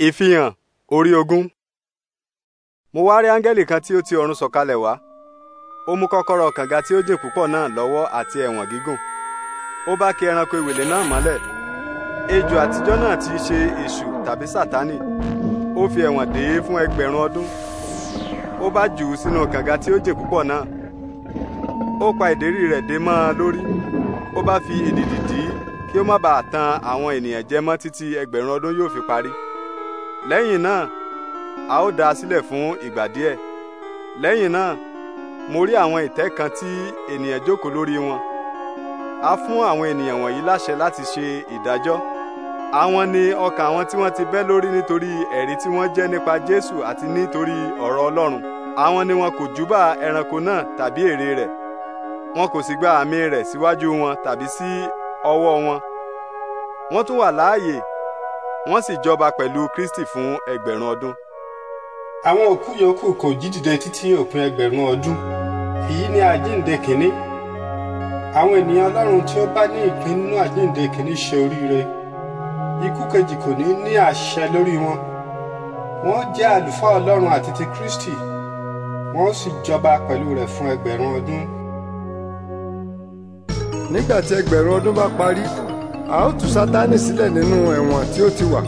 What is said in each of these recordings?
ìfihàn orí ogún. mo wá rí áńgẹ́lì kan tí ó ti ọ̀run sọ̀kalẹ̀ wá ó mú kọ́kọ́rọ́ kànga tí ó jìn púpọ̀ náà lọ́wọ́ àti ẹ̀wọ̀n gígùn ó bá ki ẹranko ìwèlè náà mọ́lẹ̀ ejò àtijọ́ náà ti ṣe èṣù tàbí sátánì ó fi ẹ̀wọ̀n dè é fún ẹgbẹ̀rún ọdún ó bá jù ú sínú kànga tí ó jìn púpọ̀ náà ó pa ìdérí rẹ̀ dé mọ́ ọ lórí ó bá fi ìdìdì dì kí ó má bàa tan àwọn ènìyàn jẹ mọ́ títí ẹgbẹ̀rún ọdún yóò fi parí lẹ́yìn náà a ó dá a sílẹ̀ fún ìgbà díẹ̀ lẹ́yìn náà mo rí àwọn ìtẹ́ kan tí ènìyàn jókòó lórí wọn a fún àwọn ènìyàn wọ̀nyí láṣẹ láti ṣe ìdájọ́ àwọn ni ọkàn àwọn tí wọ́n ti bẹ́ lórí nítorí ẹ̀rí tí wọ́n jẹ́ nípa Jésù àti nítorí ọ̀rọ̀ Ọlọ́run àwọn ni wọn kò júbà ẹranko náà tàbí ère rẹ̀ wọn kò sì gba àmì rẹ̀ síwájú wọn tàbí sí ọwọ́ wọn wọ́n tún wà láàyè wọ́n sì jọba pẹ̀lú Kristi fún ẹgbẹ̀rún ọdún. àwọn òkú yòókù kò jí dìde títí òpin ẹgbẹ̀rún ọdún èyí ni àjíǹde kìíní àwọn ènìyàn Ọlọ́run tí ó bá ní ìpín nínú àjíǹde kìíní ṣe oríire ikú kejì kò ní ní àṣẹ lórí wọn wọ́n jẹ́ àlùfáà Ọlọ́run àti ti Kristi wọ́n sì jọba pẹ̀lú rẹ̀ fún ẹgbẹ̀rún ọdún. nígbà tí ẹgbẹ̀rún ọdún bá parí a ó tú Sátánì sílẹ̀ nínú ẹ̀wọ̀n tí ó ti wà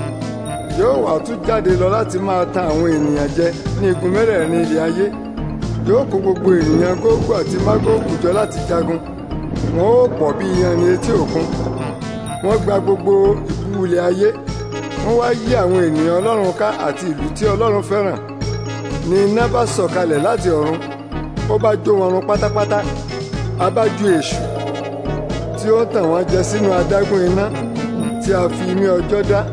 yóò wá tún jáde lọ láti máa ta àwọn ènìyàn jẹ ní igun mẹ́rẹ̀ẹ̀rin ilẹ̀ ayé yóò kó gbogbo ènìyàn Gógù àti Mágógù jọ láti jagun wọn ó pọ̀ bí iyan ní etí òkun wọ́n gba gbogbo ìbú ilẹ̀ ayé wọ́n wá yí àwọn ènìyàn Ọlọ́run ká àti ìlú tí Ọlọ́run fẹ́ràn ni iná bá sọ̀kalẹ̀ láti ọ̀run ó bá jó wọn run pátápátá a bá ju èṣù tí ó tàn wọ́n jẹ sínú adágún iná tí a fi imí ọjọ́ dá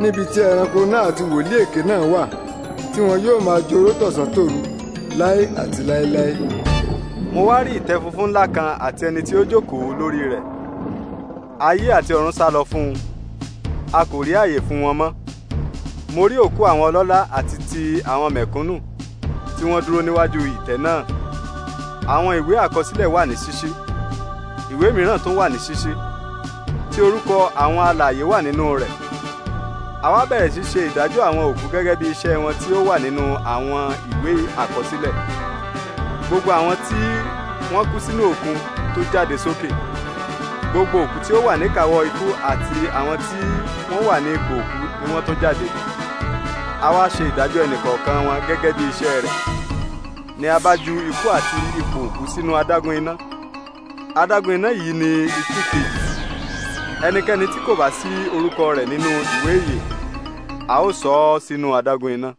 níbi tí ẹranko náà àti wòlíì èké náà wà tí wọn yóò máa joró tọ̀sán tòru láé àti láéláé. mo wá rí ìtẹ́ funfun ńlá kan àti ẹni tí ó jókòó lórí rẹ̀ ayé àti ọ̀run sá lọ fún un a kò rí àyè fún wọn mọ́ mo rí òkú àwọn ọlọ́lá àti ti àwọn mẹ̀kúnnù tí wọ́n dúró níwájú ìtẹ́ náà àwọn ìwé àkọsílẹ̀ wà ní ṣíṣí ìwé mìíràn tún wà ní ṣíṣí tí orúkọ àwọn alààyè wà nínú rẹ̀ àwa bẹ̀rẹ̀ sí ṣe ìdájọ́ àwọn òkú gẹ́gẹ́ bí iṣẹ́ wọn tí ó wà nínú àwọn ìwé àkọsílẹ̀ gbogbo àwọn tí wọ́n kú sínú òkun tó jáde sókè gbogbo òkú tí ó wà níkàáwọ́ ikú àti àwọn tí wọ́n wà ní ipò òkú ni wọ́n tó jáde àwa ṣe ìdájọ́ ẹnìkọ̀ọ̀kan wọn gẹ́gẹ́ bí iṣẹ́ rẹ̀ ni a bá ju ikú àti ipò òkú sínú adágún iná adágún iná yìí ni ikú kejì ẹnikẹ́ni tí kò bá sí orúkọ rẹ̀ nínú ìwé ìyè a ó sọ ọ́ sínú adágún iná.